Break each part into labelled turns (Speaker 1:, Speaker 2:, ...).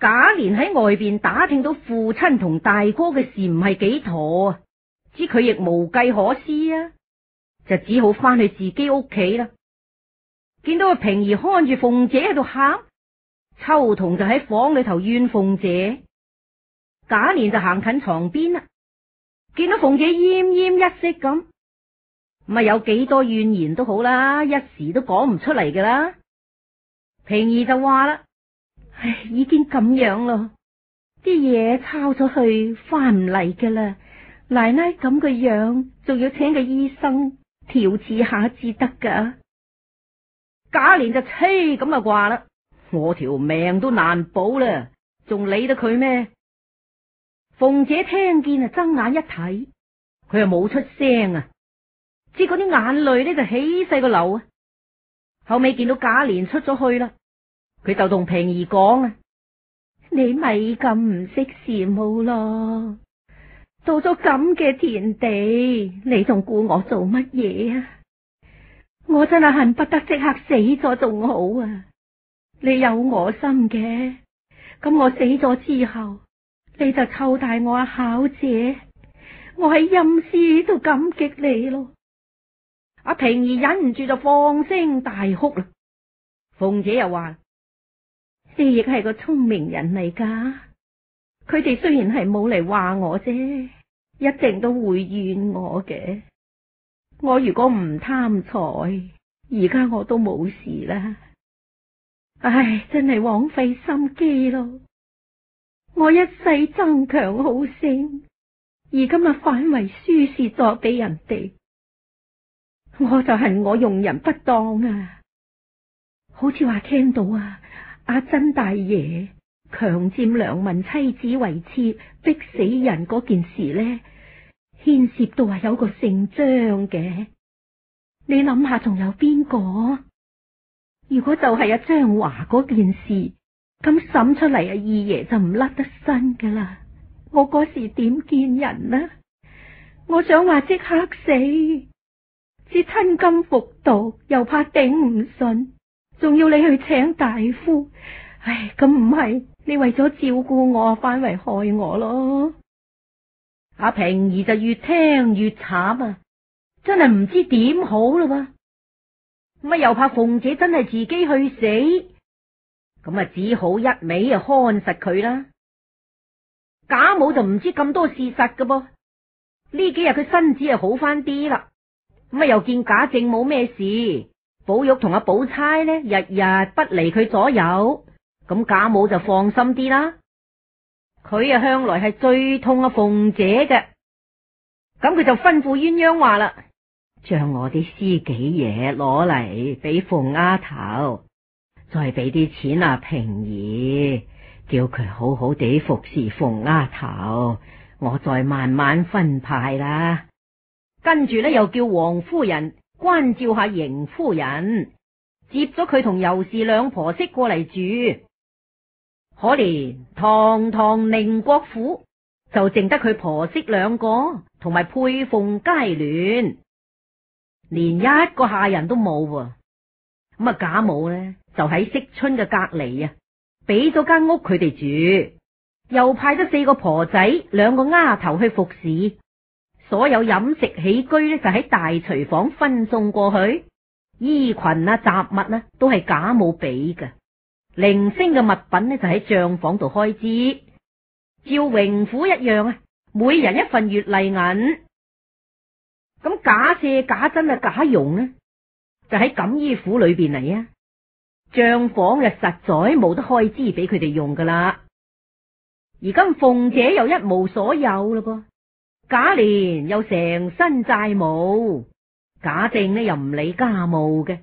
Speaker 1: 賈蓮喺外邊打聽到父親同大哥嘅事唔係幾妥啊，知佢亦無計可施啊，就只好返去自己屋企啦。見到阿平兒看住鳳姐喺度喊，秋桐就喺房裏頭怨鳳姐。賈蓮就行近床邊啦，見到鳳姐奄奄一息咁，唔係有幾多怨言都好啦，一時都講唔出嚟㗎啦。平兒就話啦。唉，已經咁樣咯，啲嘢抄咗去翻唔嚟噶啦。奶奶咁個樣，仲要請個醫生調治下至得噶。賈璉就黐咁話啦，我條命都難保啦，仲理得佢咩？鳳姐聽見啊，睜眼一睇，佢又冇出聲啊，只嗰啲眼淚咧就起細個流啊。後尾見到賈璉出咗去啦。佢就同平兒講啊，你咪咁唔識時務咯！到咗咁嘅田地，你仲顧我做乜嘢啊？我真係恨不得即刻死咗仲好啊！你有我心嘅，咁我死咗之後，你就湊大我阿、啊、巧姐，我喺陰司度感激你咯。阿平兒忍唔住就放聲大哭啦。鳳姐又話。你亦係個聰明人嚟噶，佢哋雖然係冇嚟話我啫，一定都會怨我嘅。我如果唔貪財，而家我都冇事啦。唉，真係枉費心機咯！我一世爭強好勝，而今咪反為輸蝕作俾人哋，我就係我用人不當啊！好似話聽到啊！阿珍大爺強占良民妻子為妾，逼死人嗰件事咧，牽涉到係有個姓張嘅。你諗下，仲有邊個？如果就係阿張華嗰件事，咁審出嚟，阿二爺就唔甩得身噶啦。我嗰時點見人呢？我想話即刻死，至親甘服道，又怕頂唔順。仲要你去請大夫，唉，咁唔係你為咗照顧我，反為害我咯。阿平兒就越聽越慘啊，真係唔知點好啦。噃，啊，又怕鳳姐真係自己去死，咁啊，只好一味啊看實佢啦。賈母就唔知咁多事實噶噃，呢幾日佢身子又好翻啲啦，咁啊，又見賈政冇咩事，寶玉同阿寶釵呢，日日不離佢左右，咁賈母就放心啲啦。佢啊向來係最痛阿、啊、鳳姐嘅，咁佢就吩咐鴛鴦話啦：將我啲私己嘢攞嚟俾鳳丫頭，再俾啲錢阿、啊、平兒，叫佢好好地服侍鳳丫頭，我再慢慢分派啦。跟住咧，又叫王夫人，關照下邢夫人，接咗佢同尤氏兩婆媳過嚟住。可憐堂堂寧國府，就剩得佢婆媳兩個同埋佩鳳偕鸞，連一個下人都冇。咁啊，賈母咧就喺惜春嘅隔籬啊，俾咗間屋佢哋住，又派咗四個婆仔、兩個丫頭去服侍。所有飲食起居咧就喺大廚房分送過去，衣裙啊雜物啊都係賈母俾嘅，零星嘅物品咧就喺賬房度開支，照榮府一樣啊，每人一份月例銀。咁賈赦賈珍啊賈蓉咧、啊，就喺錦衣府裏邊嚟啊，賬房就實在冇得開支俾佢哋用噶啦。而今鳳姐又一無所有啦噃。賈璉又成身債務，賈政呢又唔理家務嘅，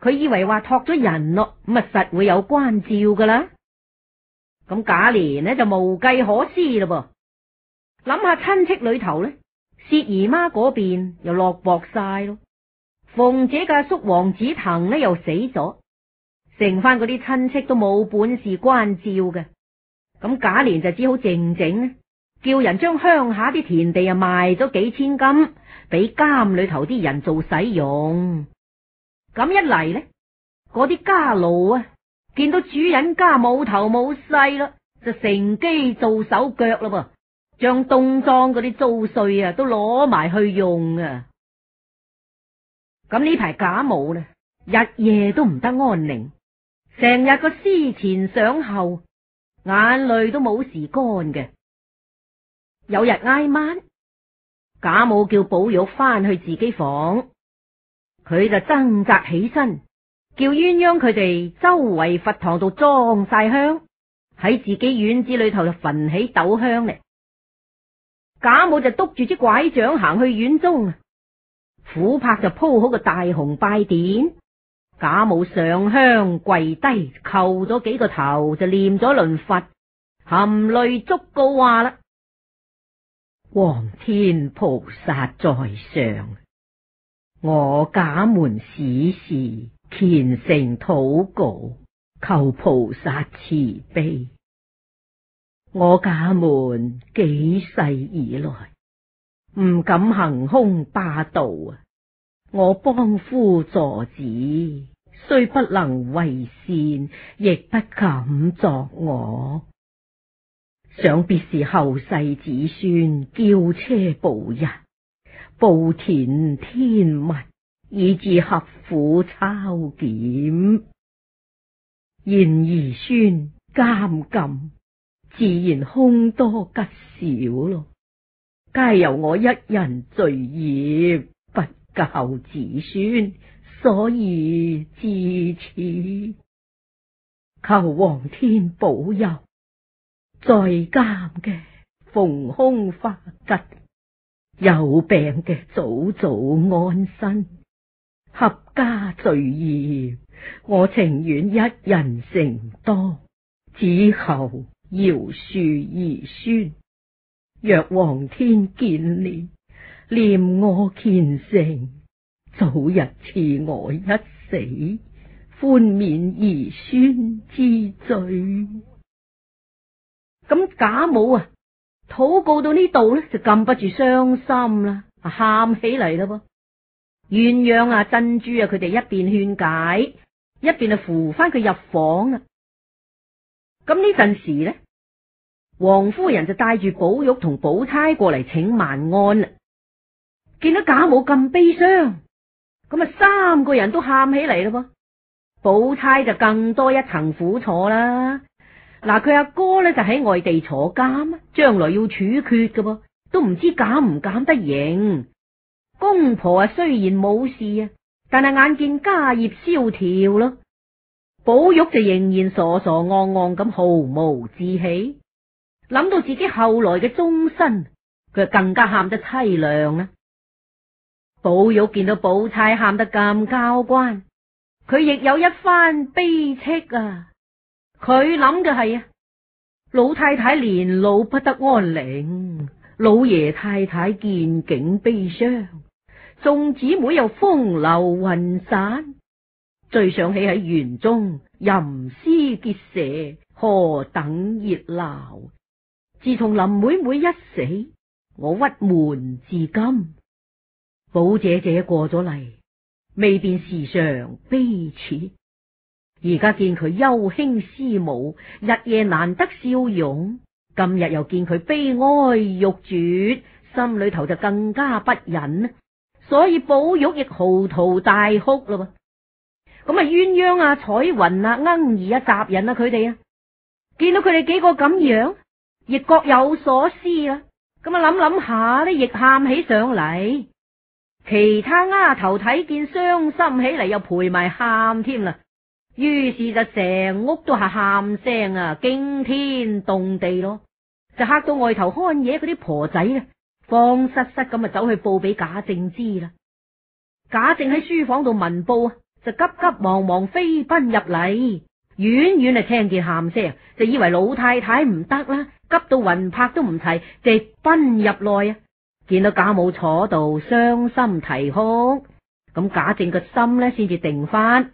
Speaker 1: 佢以為話託咗人咯，咁啊實會有關照㗎啦。咁賈璉呢就無計可施嘞噃。諗下親戚裏頭呢，薛姨媽嗰邊又落薄晒咯，鳳姐嘅叔王子騰呢又死咗，剩翻嗰啲親戚都冇本事關照嘅，咁賈璉就只好靜靜。叫人將鄉下啲田地啊賣咗幾千金，俾監裏頭啲人做使用。咁一嚟咧，嗰啲家奴啊，見到主人家冇頭冇勢啦，就乘機做手腳啦，噃，將東莊嗰啲租稅啊，都攞埋去用啊。咁呢排賈母呢，日夜都唔得安寧，成日個思前想後，眼淚都冇時乾嘅。有日挨晚，賈母叫寶玉翻去自己房，佢就掙扎起身，叫鴛鴦佢哋周圍佛堂度裝晒香，喺自己院子裏頭就焚起斗香嚟。賈母就督住隻拐杖行去院中，琥珀就鋪好個大紅拜墊，賈母上香跪低叩咗幾個頭，就念咗輪佛，含淚祝告話啦。皇天菩薩在上，我賈門史事虔誠禱告，求菩薩慈悲。我賈門幾世以來，唔敢行兇霸道啊！我幫夫助子，雖不能為善，亦不敢作惡。想必是後世子孫，驕奢暴逸，暴殄天物，以致合府抄檢，現兒孫監禁，自然凶多吉少咯。皆由我一人罪孽，不教子孫，所以至此，求皇天保佑。在監嘅逢凶化吉，有病嘅早早安身，合家罪孽，我情願一人承當，子後饒恕兒孫，若皇天見憐，念我虔誠，早日賜我一死，寬免兒孫之罪。咁賈母啊，禱告到呢度咧，就禁不住傷心啦，喊起嚟啦噃。鴛鴦啊、珍珠啊，佢哋一邊勸解，一邊啊扶翻佢入房啊。咁呢陣時咧，王夫人就帶住寶玉同寶釵過嚟請萬安啦。見到賈母咁悲傷，咁啊三個人都喊起嚟啦噃。寶釵就更多一層苦楚啦。嗱，佢阿哥咧就喺外地坐監，將來要處決嘅噃，都唔知減唔減得刑。公婆啊，雖然冇事啊，但係眼見家業蕭條咯，寶玉就仍然傻傻戇戇咁，毫無志氣。諗到自己後來嘅終身，佢就更加喊得淒涼啦。寶玉見到寶釵喊得咁交關，佢亦有一番悲戚啊！佢諗嘅係啊，老太太年老不得安寧，老爺太太見景悲傷，眾姊妹又風流雲散，最想起喺園中吟詩結社，何等熱鬧！自從林妹妹一死，我鬱悶至今。寶姐姐過咗嚟，未變時常悲切。而家見佢憂興思慕，日夜難得笑容。今日又見佢悲哀欲絕，心裏頭就更加不忍。所以寶玉亦嚎啕大哭啦。咁啊，鴛鴦啊、彩雲啊、鶯兒啊、襲人啊，佢哋啊，見到佢哋幾個咁樣，亦各有所思啦。咁啊，諗諗下呢亦喊起上嚟。其他丫頭睇見傷心起嚟，又陪埋喊添啦。於是就成屋都係喊,喊聲啊，驚天動地咯！就吓到外頭看夜嗰啲婆仔啊，慌失失咁啊，走去報俾賈政知啦。賈政喺書房度聞報啊，就急急忙忙飛奔入嚟，遠遠就聽見喊聲，就以為老太太唔得啦，急到魂魄都唔齊，直奔入內啊！見到賈母坐度傷心啼哭，咁賈政個心咧先至定翻。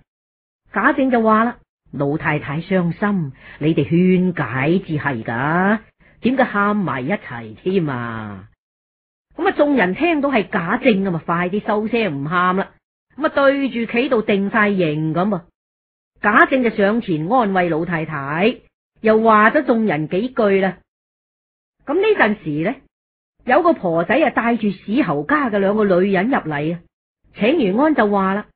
Speaker 1: 賈政就話啦，老太太傷心，你哋勸解至係噶，點解喊埋一齊添啊？咁啊，眾人聽到係賈政啊，咪快啲收聲唔喊啦。咁啊，對住企度定晒形咁啊。賈政就上前安慰老太太，又話咗眾人幾句啦。咁呢陣時咧，有個婆仔啊，帶住史侯家嘅兩個女人入嚟啊，請完安就話啦。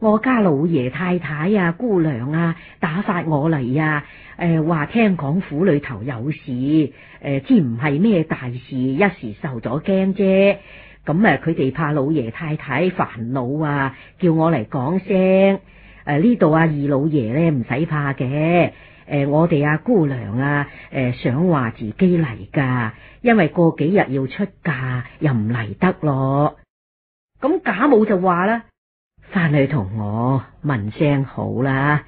Speaker 1: 我家老爺太太啊，姑娘啊，打發我嚟啊，誒、呃，話聽講府裏頭有事，誒、呃，知唔係咩大事，一時受咗驚啫。咁、嗯、誒，佢哋怕老爺太太煩惱啊，叫我嚟講聲。誒、呃，呢度阿二老爺咧，唔使怕嘅，誒、呃，我哋阿、啊、姑娘啊，誒、呃，想話自己嚟噶，因為過幾日要出嫁，又唔嚟得咯。咁、嗯、賈母就話啦。翻去同我問聲好啦。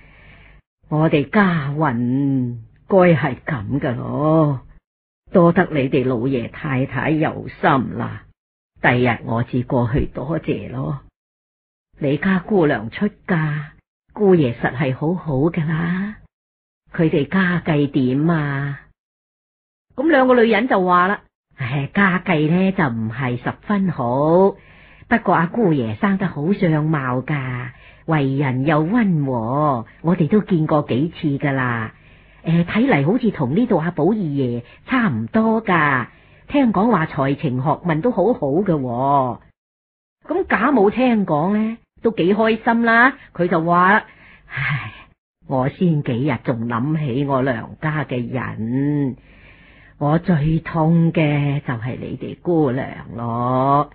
Speaker 1: 我哋家運該係咁噶咯，多得你哋老爺太太有心啦，第日，日我至過去多謝咯。你家姑娘出嫁，姑爺實係好好噶啦，佢哋家計點啊？咁兩個女人就話啦，唉、哎，家計咧就唔係十分好。不過阿姑爺生得好相貌噶，為人又溫和，我哋都見過幾次噶啦。誒、呃，睇嚟好似同呢度阿寶二爺差唔多噶。聽講話才情學問都好好嘅、哦，咁賈母聽講咧都幾開心啦。佢就話：唉，我先幾日仲諗起我娘家嘅人，我最痛嘅就係你哋姑娘咯。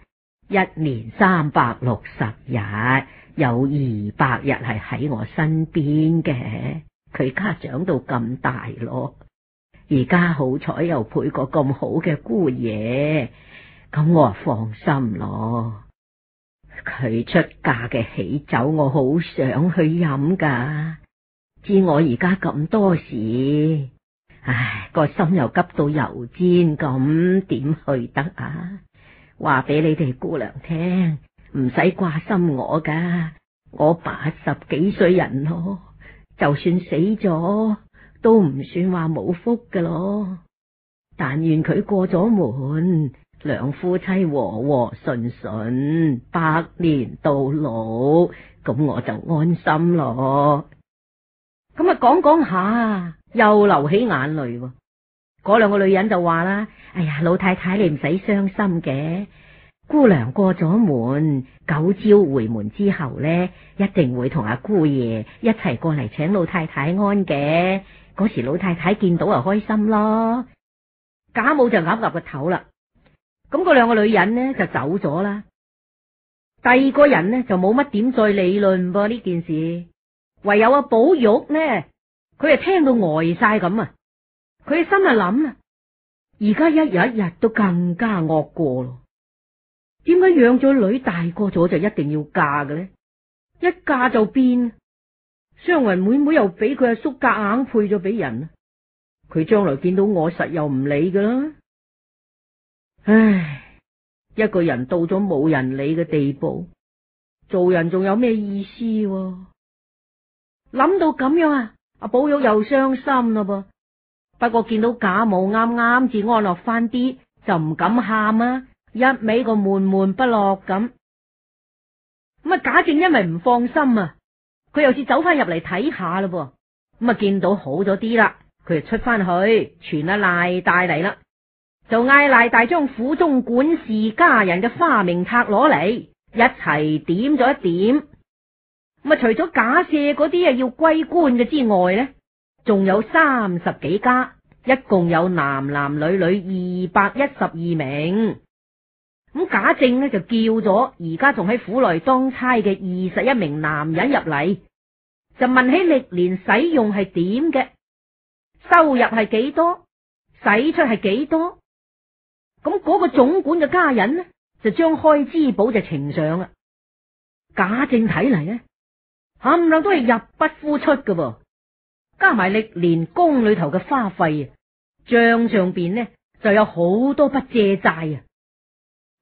Speaker 1: 一年三百六十日，有二百日係喺我身邊嘅。佢家長到咁大咯，而家好彩又配個咁好嘅姑爺，咁我啊放心咯。佢出嫁嘅喜酒，我好想去飲噶。知我而家咁多事，唉，個心又急到油煎咁，點去得啊？話俾你哋姑娘聽，唔使掛心我噶，我八十幾歲人咯，就算死咗都唔算話冇福噶咯。但願佢過咗門，兩夫妻和和順順，百年到老，咁我就安心咯。咁啊，講講下又流起眼淚。嗰兩個女人就話啦。哎呀，老太太，你唔使傷心嘅。姑娘過咗門，九朝回門之後咧，一定會同阿姑爺一齊過嚟請老太太安嘅。嗰時老太太見到啊，開心咯。賈母就岌岌個頭啦。咁嗰兩個女人呢就走咗啦。第二個人呢就冇乜點再理論呢件事，唯有阿寶玉呢，佢啊聽到呆晒咁啊，佢心啊諗啦。而家一日一日都更加惡過咯，點解養咗女大個咗就一定要嫁嘅咧？一嫁就變，湘雲妹妹又俾佢阿叔夾硬配咗俾人，佢將來見到我實又唔理噶啦。唉，一個人到咗冇人理嘅地步，做人仲有咩意思？諗到咁樣啊，阿寶玉又傷心啦噃。不過見到賈母啱啱至安樂翻啲，就唔敢喊啊！一味個悶悶不樂咁。咁啊，賈政因為唔放心啊，佢又是走翻入嚟睇下啦噃。咁啊，見到好咗啲啦，佢就出翻去傳阿賴大嚟啦，就嗌賴大將府中管事家人嘅花名冊攞嚟，一齊點咗一點。咁啊，除咗假赦嗰啲啊要歸官嘅之外咧，仲有三十幾家，一共有男男女女二百一十二名。咁賈政呢就叫咗而家仲喺府內當差嘅二十一名男人入嚟，就問起歷年使用係點嘅，收入係幾多，使出係幾多。咁嗰個總管嘅家人呢，就將開支簿，就呈上啦。賈政睇嚟呢，冚唪唥都係入不敷出噶。加埋歷年宮裏頭嘅花費，賬上邊呢就有好多筆借債啊！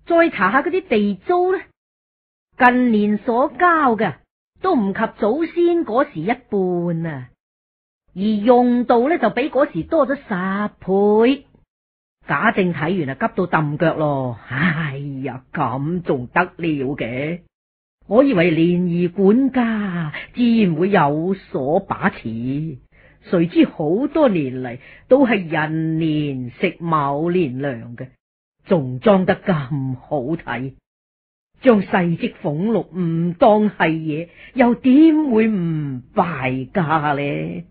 Speaker 1: 再查下嗰啲地租呢，近年所交嘅都唔及祖先嗰時一半啊，而用度呢就比嗰時多咗十倍。賈政睇完啊，急到揼腳咯！哎呀，咁仲得了嘅？我以為璉二管家自然會有所把持。誰知好多年嚟都係人年食卯年糧嘅，仲裝得咁好睇，將細織俸祿唔當係嘢，又點會唔敗家咧？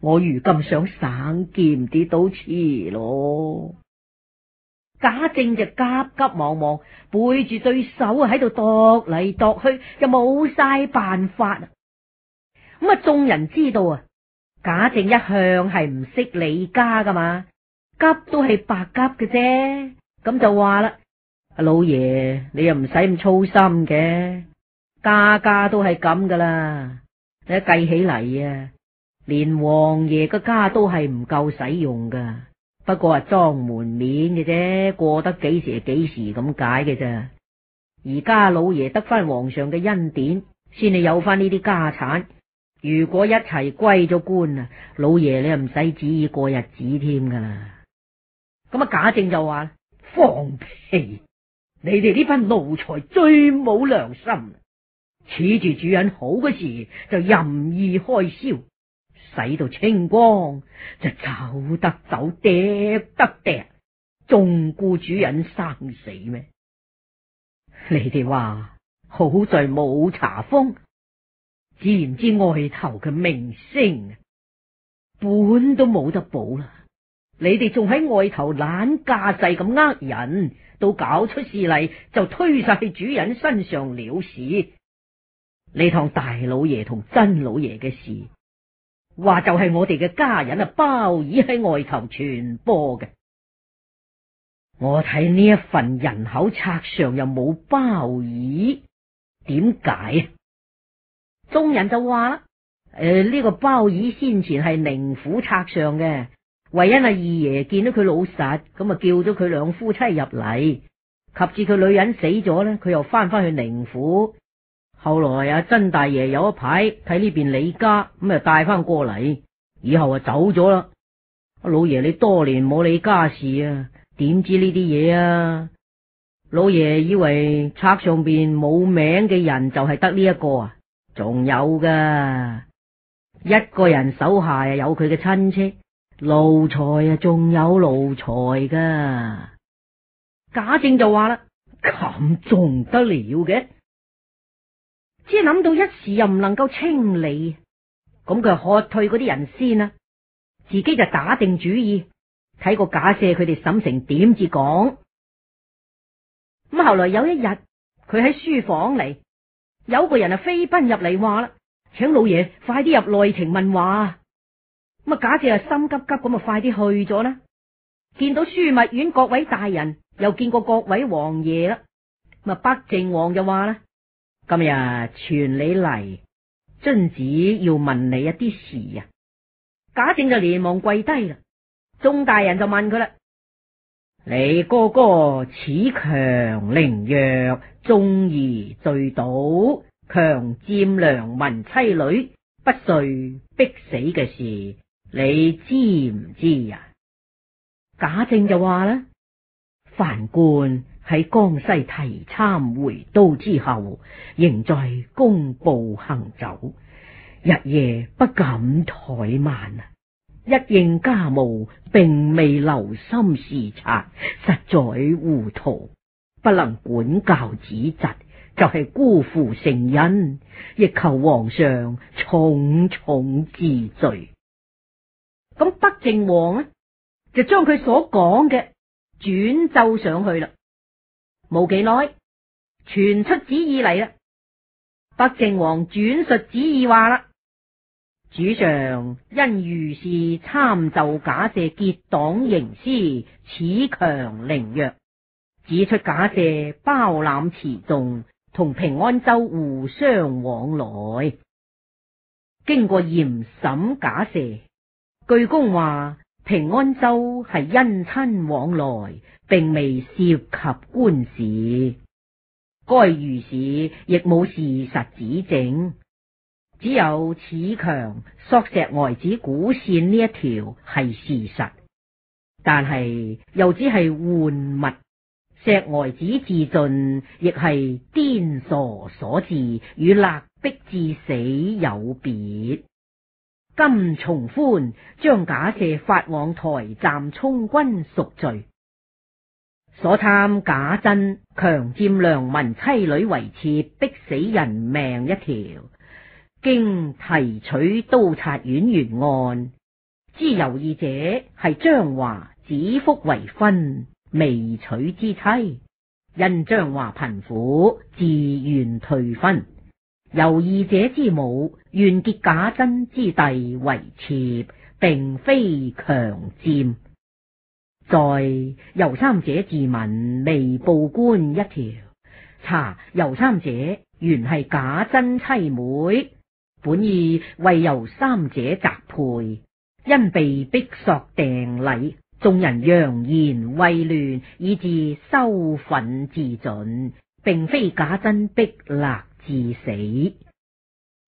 Speaker 1: 我如今想省儉啲都遲咯。賈政就急急忙忙背住對手喺度度嚟度去，就冇晒辦法。咁啊，眾人知道啊。賈政一向係唔識理家噶嘛，急都係白急嘅啫。咁就話啦，阿老爺你又唔使咁操心嘅，家家都係咁噶啦。你計起嚟啊，連王爺嘅家都係唔夠使用噶。不過係裝門面嘅啫，過得幾時係幾時咁解嘅啫。而家老爺得翻皇上嘅恩典，先至有翻呢啲家產。如果一齊歸咗官啊，老爺你又唔使旨意過日子添噶啦。咁啊，賈政就話：放屁！你哋呢班奴才最冇良心，恃住主人好嗰時就任意開銷，使到清光就走得走，趯得趯，仲顧主人生死咩？你哋話好在冇查封。知唔知外頭嘅名聲本都冇得保啦？你哋仲喺外頭懶架勢咁呃人，到搞出事嚟就推晒喺主人身上了事。呢趟大老爺同真老爺嘅事，話就係我哋嘅家人啊，包爾喺外頭傳播嘅。我睇呢一份人口冊上又冇包爾，點解啊？眾人就話啦：誒、呃、呢、這個鮑爾先前係寧府冊上嘅，唯因阿二爺見到佢老實，咁啊叫咗佢兩夫妻入嚟，及至佢女人死咗呢，佢又翻翻去寧府。後來阿、啊、曾大爺有一排睇呢邊李家咁啊，帶翻過嚟，以後啊走咗啦。老爺你多年冇理家事啊，點知呢啲嘢啊？老爺以為冊上邊冇名嘅人就係得呢一個啊？仲有噶，一個人手下啊有佢嘅親戚奴才啊，仲有奴才噶。賈政就話啦：咁仲得了嘅？只係諗到一時又唔能夠清理，咁佢係喝退嗰啲人先啦，自己就打定主意，睇個賈赦佢哋審成點至講。咁後來有一日，佢喺書房嚟。有個人啊，飛奔入嚟話啦，請老爺快啲入內庭問話。咁啊，賈政啊心急急咁啊，快啲去咗啦。見到樞密院各位大人，又見過各位王爺啦。啊，北靜王就話啦：今日傳你嚟，君子要問你一啲事啊。賈政就連忙跪低啦。眾大人就問佢啦。你哥哥恃強凌弱，縱意聚賭，強占良民妻女，不遂逼死嘅事，你知唔知呀、啊？賈政就話啦：樊貫喺江西提參回都之後，仍在工部行走，日夜不敢怠慢啊。一應家務並未留心視察，實在糊塗，不能管教子侄，就係、是、辜負成恩，亦求皇上重重治罪。咁北靜王呢，就將佢所講嘅轉奏上去啦。冇幾耐，傳出旨意嚟啦。北靜王轉述旨意話啦。主上因御史參奏賈赦結黨營私，恃強凌弱，指出賈赦包攬詞訟，同平安州互相往來。經過嚴審，賈赦據供話平安州係因親往來，並未涉及官事，該御史亦冇事實指證。只有恃強索石呆子古扇呢一條係事實，但係又只係玩物。石呆子自盡亦係癲傻所致，與勒逼致死有別。今從寬將賈赦發往台站充軍贖罪，所參賈珍強占良民妻女為妾，逼死人命一條。經提取都察院原案，知尤二姐係張華指腹為婚未娶之妻，因張華貧苦自願退婚。尤二姐之母願結賈珍之弟為妾，並非強占。在尤三姐自刎未報官一條，查尤三姐原係賈珍妻妹。本意為由三者擇配，因被逼索定禮，眾人揚言穢亂，以致羞憤自盡，並非假真逼勒致死。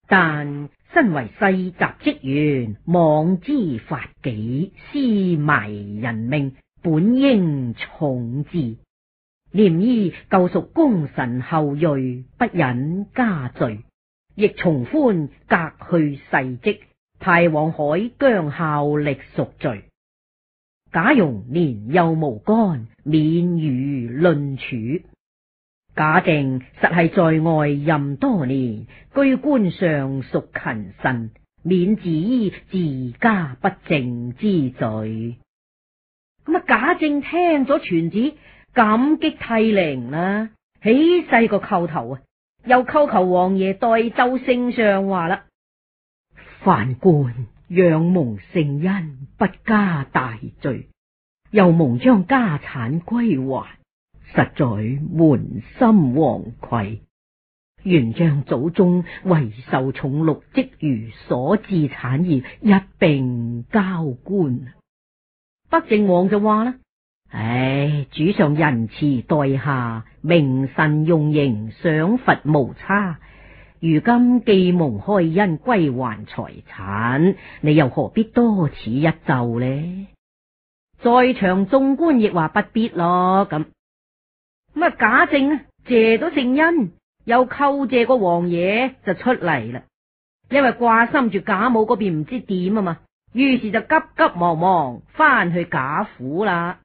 Speaker 1: 但身為世襲職員，妄知法紀，私埋人命，本應重治。念依舊屬功臣後裔，不忍加罪。亦從寬隔去世職，派往海疆效力贖罪。賈蓉年幼無干，免予論處。賈政實係在外任多年，居官尚屬勤慎，免治於自家不正之罪。咁啊，賈政聽咗傳旨，感激涕零啦，起細個叩頭啊！又叩求王爺代奏聖上話啦，犯官仰蒙聖恩不加大罪，又蒙將家產歸還，實在滿心惶愧，願將祖宗為受重祿，積餘所置產業一併交官。北靜王就話啦。唉、哎，主上仁慈待下，明神用刑賞罰無差。如今既蒙開恩歸還財產，你又何必多此一奏呢？在場眾官亦話不必咯。咁咁啊，賈政啊，謝到聖恩，又叩謝個王爺就出嚟啦。因為掛心住賈母嗰邊唔知點啊嘛，於是就急急忙忙翻去賈府啦。